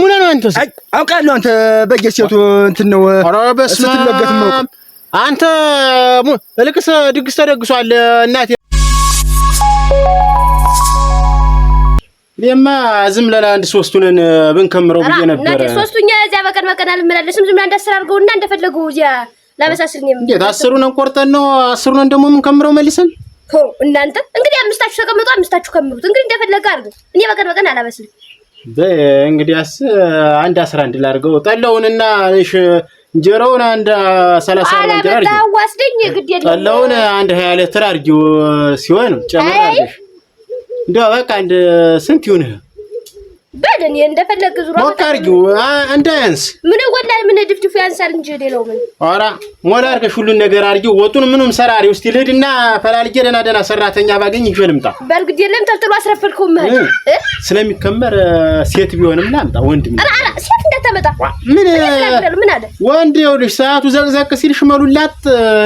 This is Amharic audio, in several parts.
ሙላ ነው። አንተ? አውቃለሁ። አንተ በየሴቱ እንትን ነው ስትለገት ነው። አንተ እልቅስ ድግስ ተደግሷል። እናቴ የማ ዝም ለላ አንድ ሶስቱንን ብንከምረው ብዬ ነበር። እናቴ ሶስቱኛ እዚያ በቀን በቀን አልመላለስም። ዝም ብላ እንዳስር አድርገው እና እንደፈለጉ እዚያ ላመሳስልኝ። እንዴት አስሩን ቆርጠን ነው? አስሩን ደግሞ የምንከምረው መልሰን እናንተ እንግዲህ አምስታችሁ ተቀምጡ፣ አምስታችሁ ከምሩት እንግዲህ እንደፈለገ አድርገው። እኔ በቀን በቀን አላበስልም። እንግዲያስ አንድ አስራ አንድ ላድርገው። ጠላውንና እንጀራውን አንድ ሰላሳ ወስደኝ። ጠላውን አንድ ሀያ ሌትር ሲሆን ጨምራለሽ። እንዲያው በቃ አንድ ስንት ይሁንህ? በደን እንደፈለግ ዙሮ ሞካርጊው እንዳያንስ ምን ወላሂ ምን ድፍድፉ ያንሳል እንጂ ሌላው ምን አራ ሞላ አድርገሽ ሁሉን ነገር አድርጊው። ወጡን ምኑም ሰራሪ ውስጥ ልሂድና ፈላልጌ ደህና ደህና ሰራተኛ ባገኝ ይዤ ልምጣ። በእርግጥ የለም ተልጥሎ አስረፈልከው መሄድ ስለሚከመር ሴት ቢሆንም ላምጣ ወንድ ምን አራ ሴት እንዳታመጣ ምን ምን አለ ወንድ ይኸውልሽ፣ ሰዓቱ ዘቅዘቅ ሲል ሽመሉላት።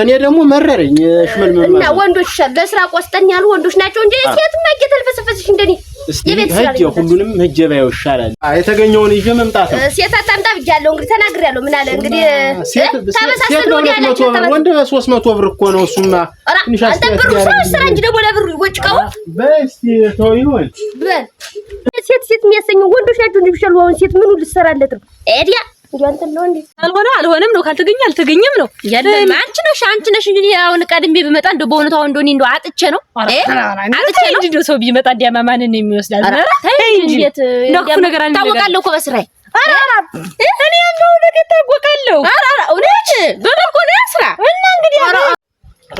እኔ ደግሞ መረረኝ ሽመል እና ወንዶች ለስራ ቆስጠን ወንዶች ናቸው እንጂ ሴት ማጌ ተልፈሰፈሰሽ እንደኔ እስቲ ህጅ ሁሉንም ህጅ ባየው ይሻላል። የተገኘውን ይዤ መምጣት ነው። ሴት አታምጣ ብያለሁ። እንግዲህ ያለው ምን አለ እንግዲህ ተመሳሰሉ ያላችሁ ወንድ ሦስት መቶ ብር እኮ ነው። እሱማ ትንሽ ሰው ስራ እንጂ ደግሞ ለብሩ ይወጭቀው በል ሴት ሴት የሚያሰኘው ወንዶች ናቸው። ሴት ምኑ ልሰራለት ነው ኤዲያ ካልሆነ አልሆነም ነው፣ ካልተገኘ አልተገኘም ነው። አንቺ ነሽ አንቺ ነሽ እንግዲህ አሁን ቀድሜ ብመጣ እንደው በእውነቱ አሁን እንደው እኔ እንደው አጥቼ ነው አጥቼ ነው እንደው ሰው ቢመጣ እንዲያማ ማንን ነው የሚወስዳል? ኧረ ተይ እንጂ ለክፉ ነገር አለ ታውቃለህ እኮ በስራዬ ኧረ እኔ ያለው ነገር ታወቃለሁ። ኧረ እውነት በመልኩ ነው ስራ እና እንግዲህ ኧረ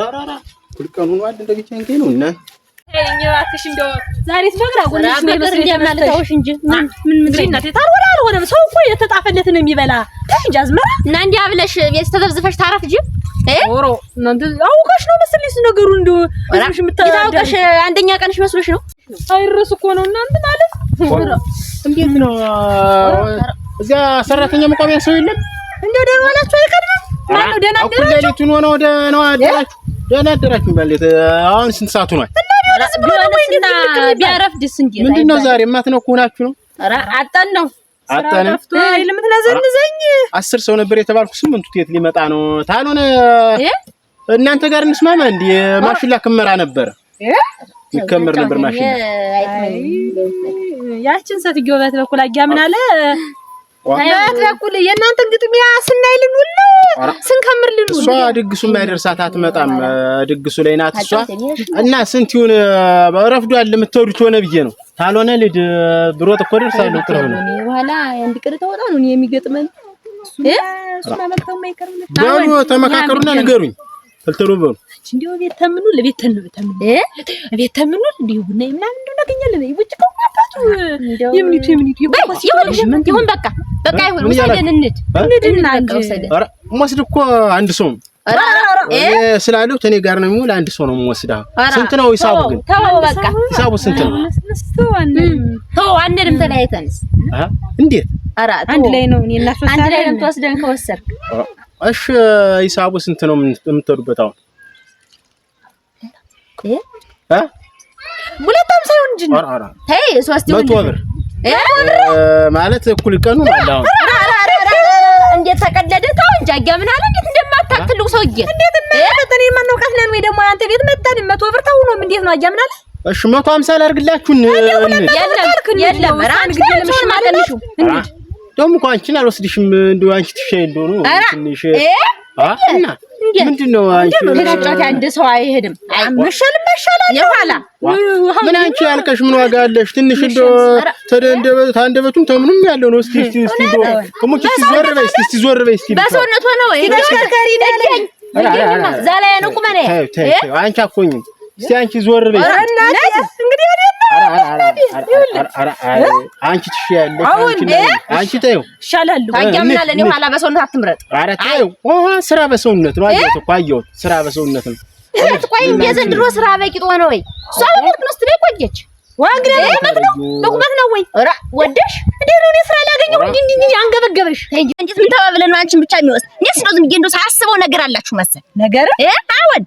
ኧረ ሁልቀኑን እንደ ግቼ እንገኝ ነው እና እባክሽ ሰው እኮ የተጣፈለት ነው የሚበላ እንጂ አዝመራ እና እንዲያ ብለሽ ቤት ተዘብዝፈሽ ታረፍ እንጂ ኦሮ እናንተ አውቀሽ ነው መሰለኝ ነገሩ አንደኛ ቀንሽ መስሎሽ ነው። አይረስ እኮ ነው እናንተ ማለት እንዴት ነው እዚያ ሰራተኛ መቋሚያ ሰው የለም። እንደው ደህና ዋላችሁ አይቀርም ማለት ደህና አደራችሁ። ደህና አደራችሁ ደህና አደራችሁ አሁን ስንት ሰዓት ሆኗል? ቢያረፍድስ እንዴ? ምንድን ነው ዛሬ የማትነኩ ናችሁ ነው? ኧረ አጠን ነው አጠን የምትነዘንዘኝ። አስር ሰው ነበር የተባልኩ ስምንቱ የት ሊመጣ ነው? ታልሆነ እናንተ ጋር እንስማማ። እንደ ማሽላ ክመራ ነበረ ይከመር ነበር ማሽላ። ያችን ሰትዮ በት በኩል አጋምናለ በትበኩል የእናንተን ግጥሚያ ስናይ ልንውል ስንከምር ልንውል። እሷ ድግሱ የማይደርሳት አትመጣም። ድግሱ ላይ ናት እሷ እና ስንት ይሁን ረፍዷል። የምትወዱት ሆነ ብዬ ነው። ካልሆነ ልድ ብሮት እኮ ደርሳለሁ። ጥሩ ነው። በኋላ አንድ ቅር ተወጣ ነው የሚገጥመን። እሱ ተመካከሩና ንገሩኝ ተልተሎ በሉ እንዲሁ ቤት ተምኑ ለቤት ተምኑ ተምኑ ቤት ተምኑ እንዲሁ ቡና ምናምን እንደው እናገኛለን። ውጭ ቆማታቱ የምኒቱ የምኒቱ ይሁን ይሁን በቃ በቃ ይሁን ውሰደን እንሂድ እንሂድ እናንተ ውሰደን። ኧረ የምወስድ እኮ አንድ ሰው ስላለው እኔ ጋር ነው የሚውል አንድ ሰው ነው የምወስደው። ስንት ነው ሂሳቡ ግን? ተው በቃ ሂሳቡ ስንት ነው? ተው አንድም ተለያይተንስ እንዴት? ኧረ አንድ ላይ ነው እኔ እና አንድ ላይ ነው የምትወስደን ከወሰድክ። እሺ ሂሳቡ ስንት ነው የምትወዱበት አሁን? ሁለቱም ሳይሆን እንጂ ተይ ሶስት ይሁን ማለት እኩል ቀኑ ማለት እንዴት ተቀደደ? ተው እንጂ አያ ምን አለ? እንዴት እንደማታውቅ ትልቁ ሰውዬ እንዴት እናያለን? እኔ ማን ነው ወይ ደግሞ አንተ ቤት መጣን መቶ ብር ተው ነው እንዴት ነው? አያ ምን አለ? እሺ መቶ ሀምሳ ላድርግላችሁን። ደግሞ እኮ አንቺን አልወስድሽም እንደው አንቺ ትሻይ እንደሆነ ትንሽ እና ምንድነው? አንድ ሰው አይሄድም። መሻል መሻል የኋላ ምን አንቺ ያልቀሽ ምን ዋጋ አለሽ? ትንሽ እንደ ተደንደበ ተምኑም ያለው ነው። እስቲ እስቲ እስቲ ዞር በይ እስቲ ዞር በይ እስቲ በሰውነት ሆነው ይደሽከርከሪ ደለኝ ዛላ ያነቁ አንቺ አኮኝ እስቲ አንቺ ዞር በይ እንግዲህ አንቺ ትሻያለሽ። አንቺ ተይው ይሻላል። ታውቂያ ምን አለ እኔ ኋላ በሰውነት አትምረጥ። ኧረ ተይው። ስራ በሰውነት ነው። አየሁት እኮ አየሁት። ስራ በሰውነት ነው። ቆይ የዘንድሮ ስራ በቂጥ ሆነ ወይ? እሷ በቁመት ነው ስትለኝ ቆየች። በቁመት ነው ወይ? ኧረ ወደሽ እንደ እኔ ስራ ላገኘሁ እንጂ እንጂ አንገበገበሽ። እንዴት ምን ተባብለን ነው አንቺን ብቻ የሚወስድ? እኔስ ነው ዝም ብዬሽ እንደው ሳያስበው ነገር አላችሁ መሰል ነገር። አዎን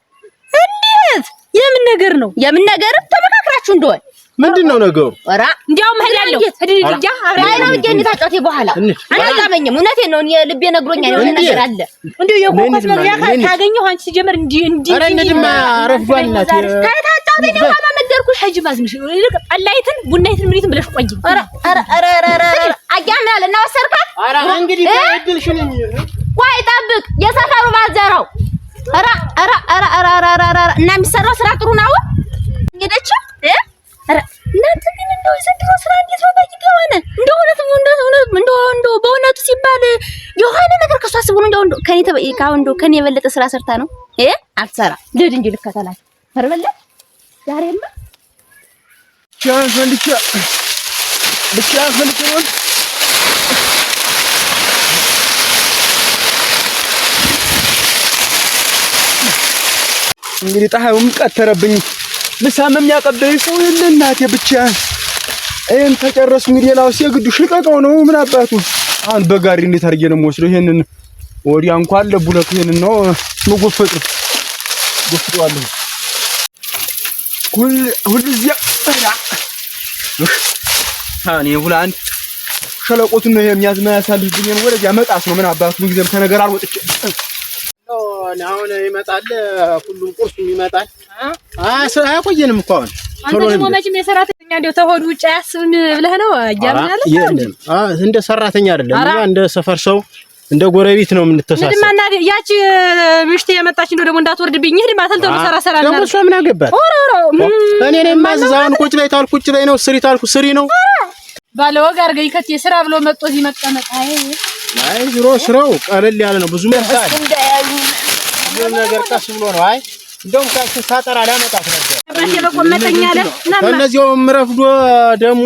እንዴት የምን ነገር ነው? የምን ነገር ተመካክራችሁ እንደሆነ ምንድን ነው ነገሩ? ኧረ እንዲያውም እሄዳለሁ በኋላ አላመኝም። እውነቴን ነው የልቤ ነግሮኛል። የሆነ ነገር አለ ታገኘው አንቺ ሲጀመር እንዲህ እንዲህ ጠላይትን ቡናይትን ምሪትን ብለሽ ቆይ እና ወሰርካት ቆይ ጠብቅ የሰፈሩ ማዘራው እና የሚሰራው ስራ ጥሩ ነው። ከኔ ተበይ ካሁን እንደው ከኔ የበለጠ ስራ ሰርታ ነው እ አትሰራ ልድ እንጂ ልከተላት ፈርበለ ዛሬማ ቻንስ ወንድቻ ብቻ ፈልጭ እንግዲህ ፀሐዩም ቀተረብኝ። ልሳምም ያቀበለኝ ሰው የለ እናቴ ብቻ ይህን ተጨረሱ። እንግዲህ ላውስ የግዱ ሽቀቀው ነው ምን አባቱ አሁን በጋሪ እንዴት አድርጌ ነው የምወስደው ይሄንን ወዲያ እንኳን ለቡለክ ይሄን ነው መጎፈጥ ጎፍጠዋለሁ። ሁል ሁል እዚያ ታኔ ሁላን ሸለቆቱን ነው የሚያዝ የሚያሳልፍብኝ ነው። ወደዚያ መጣስ ነው ምን አባቱ ጊዜም ተነገር አልወጥቼ አሁን ይመጣል፣ ሁሉም ቁርሱም ይመጣል። አይ አያቆየንም እኮ አሁን አንተ ደግሞ መቼም የሰራተኛ እንደው ተሆድ ውጭ አያስብም ብለህ ነው እያልን ያለ እንደ ሰራተኛ አይደለም እንደ ሰፈር ሰው እንደ ጎረቤት ነው የምንተሳሰብ። ያቺ ምሽት የመጣች ነው ደግሞ እንዳትወርድብኝ። ሂድ ማተል ተው ሰራ ሰራ ነው ደግሞ እሷ ምን አገባት? እኔ ነኝ ማዛውን ቁጭ ላይ ታልኩ ቁጭ ላይ ነው፣ ስሪ ታልኩ ስሪ ነው። ባለ ባለወግ አድርገኝ ከት የስራ ብሎ መጥቶ እዚህ መቀመጥ። አይ ዝሮ ስራው ቀለል ያለ ነው። ብዙ መርሳል ነገር ቀስ ብሎ ነው። አይ እንደውም ካንቺ ሳጠራ ላመጣት ነበር። በቆመጠኛ አለ ከእነዚያውም ረፍዶ ደግሞ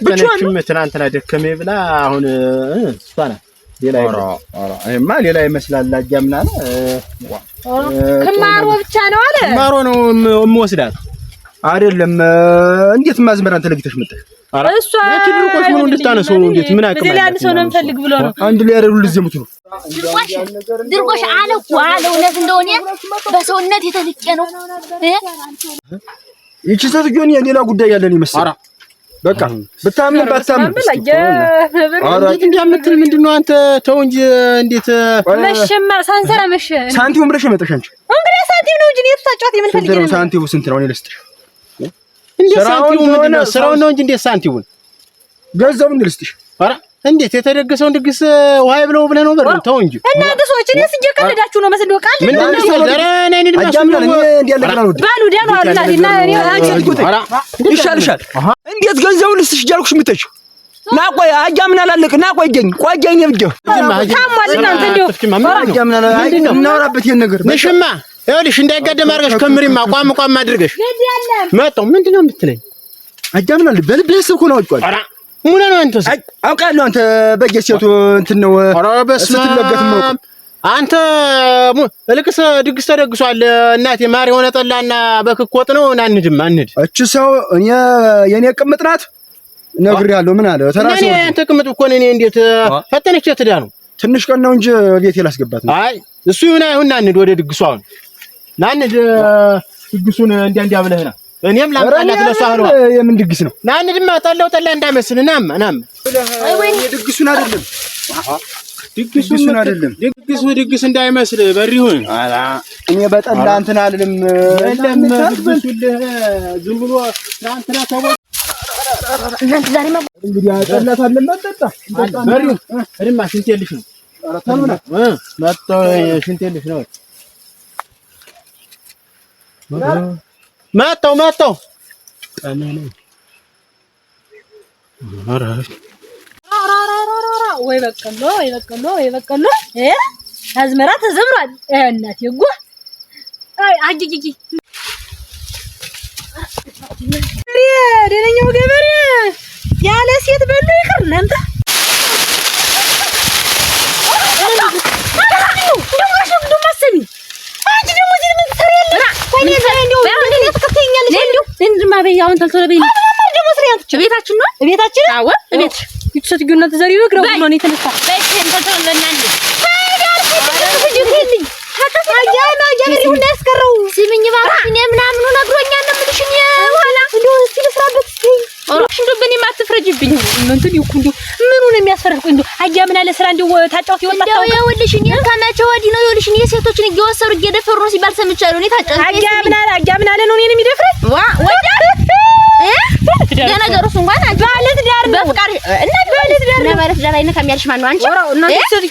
ፈተነችም ትናንትና ደከሜ ብላ አሁን እሷ ናት። ሌላ ይመስላል። አጃምና ክማሮ ብቻ ነው አለ ክማሮ ነው የምወስዳት አይደለም። እንዴት ማዝመራን ተለግተሽ መጣሽ? ምን ነው? እንዴት ምን ሰው ነው ብሎ ነው አንድ ላይ ያደርጉ ድርቆሽ አለ እኮ አለ። እውነት እንደሆነ በሰውነት የተልቄ ነው። ይቺ ሴትዮ የሌላ ጉዳይ ያለን ይመስላል። በቃ ብታምን ባታምን እንዲያምትል ምንድን ነው አንተ? ተው እንጂ እንዴት መሸማ ሳንሰራ መሸ ሳንቲሙ ብለሽ የመጣሽ አንቺ እንግዲህ ሳንቲሙ ነው እንጂ ነው። ስንት ነው? እኔ ልስጥሽ እንዴ? ስራውን ነው እንጂ እንዴት ሳንቲሙን ገንዘቡን ልስጥሽ? አራ እንዴት የተደገሰውን ድግስ ውሃይ ብለው ብለህ ነው? በለው ተው እንጂ እና ድሶች እኔ ስንጀ ቀልዳችሁ ነው መሰለኝ። ቃል ምን ነው ዘረ ነኝ እኔ አጃምናል ነው እንዴ ያለ ቀላል ወደ ባሉ ደም አላሊና እኔ አንቺ ልኩት ይሻልሻል። እንዴት ገንዘቡን ልስሽ ጃልኩሽ ምተሽ ናቆይ ቆይ አጃምና ላለቅ ና ቆይ ገኝ ቆይ ገኝ ይብጀ ታሟል። እናንተ እንዲሁ አጃምና እናወራበት ይሄን ነገር ምሽማ ይኸውልሽ እንዳይጋደም አድርገሽ ከምሪማ ቋም ቋም አድርገሽ መጣው ምንድን ነው የምትለኝ? አጃምና ልበል ብለህ ስልኩን አውጭዋል ሙና ነው አንተ አውቃለሁ። አንተ በየሴቱ እንትን ነው ስትለገፍ ነው አንተ እልቅስ ድግስ ተደግሷል። እናቴ ማር የሆነ ጠላና በክኮጥ ነው እናንድም አንድ እች ሰው እኔ የኔ ቅምጥ ናት እነግርሃለሁ። ምን አለ ተራሱ እኔ አንተ ቅምጥ እኮ ነኝ። እንዴት ፈጠነች ትዳ ነው ትንሽ ቀን ነው እንጂ ቤቴ ላስገባት ነው። አይ እሱ ይሁን አይሁን፣ ናንድ ወደ ድግሱ አሁን ናንድ ድግሱን እንዲያ እንዲያ ብለህና እኔም ላምጣላት ለሷ አሁን የምን ድግስ ነው? ና እንድማ ጠላው ጠላ እንዳመስል ናም ናም ድግሱን አይደለም ድግሱን አይደለም ድግሱ ድግስ እንዳይመስል በሪሁን እኔ በጠላ እንትን አልልም። ዝም ብሎ ትናንትና ታቦ እናንተ ዛሬ ማ እንግዲህ አጠላት አለ መጣጣ በሪሁ እድማ ሽንት የልሽ ነው መጣ ሽንት የልሽ ነው መጣው መጣው ወይ በቀሎ ወይ በቀሎ ወይ በቀሎ እ አዝመራ ተዘምሯል። እናት ይጓ አይ አጂጂጂ ገበሬ ደነኛው ገበሬ ያለ ሴት በሉ ይቅር ቶሎ በይ። ቤታችን ነው ቤታችን። አዎ ቤት ሴትዮና ተዘሪ ነው ግራ ነው የተነሳ አትፍረጅብኝ። እንትን ይኩ እንዲሁ ምኑ ነው የሚያስፈርህ? ቆይ እንዲሁ አያ ምን አለ ስራ እንዲሁ ታጫውት ይወጣ ታው ይኸውልሽ፣ እኔ ከመቼ ወዲህ ነው ይኸውልሽ፣ እኔ ሴቶችን እየወሰሩ እየደፈሩ ነው ሲባል ሰምቻለሁ። እኔ ታጫውት አያ ምን አለ አያ ምን አለ ነው እኔን የሚደፍ ትዳር አይነካም ያልሽ ማነው? አንቺ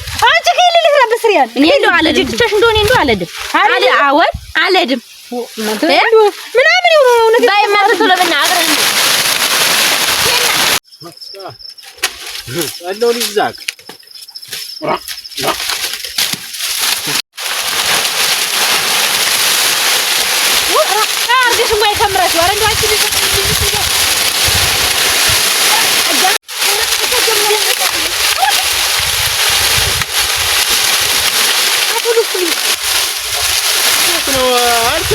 አንቺ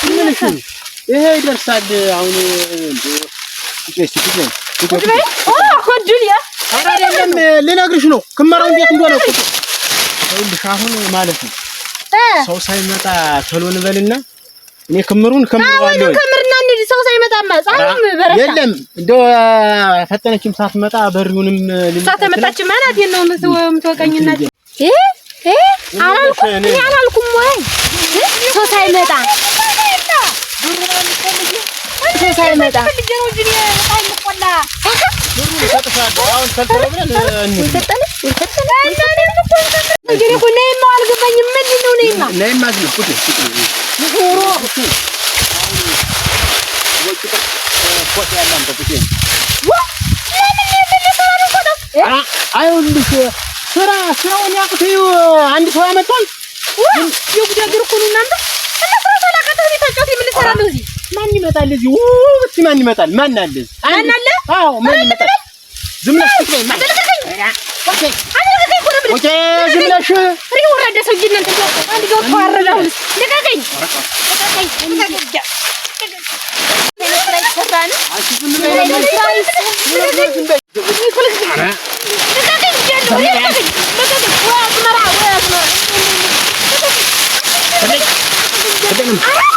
ትንሽ ይሄ ይደርሳል። አሁን አይደለም ልነግርሽ ነው ክመራው እንዴት እንደሆነ ይኸውልሽ። አሁን ማለት ነው ሰው ሳይመጣ ቶሎ እንበልና እኔ ክምሩን ከምራለሁ። ክምርና እንዴ ሰው ሳይመጣ ማጻም በረካ የለም እንደ ፈጠነችም ሳትመጣ በሪውንም ሳትመጣች ማለት የነው ምትወቀኝና እ እ አላልኩም ወይ ሰው ሳይመጣ አይሁንልሽ ስራውን ያውቁት አንድ ሰው ያመጣል የጉዳይ ገርኩን እናንተ ማን ይመጣል? እዚህ ማን ይመጣል? ማን አለ? ማን አለ? አዎ ማን ይመጣል? ዝም ብለሽ ዝም ብለሽ ወረደ ሰው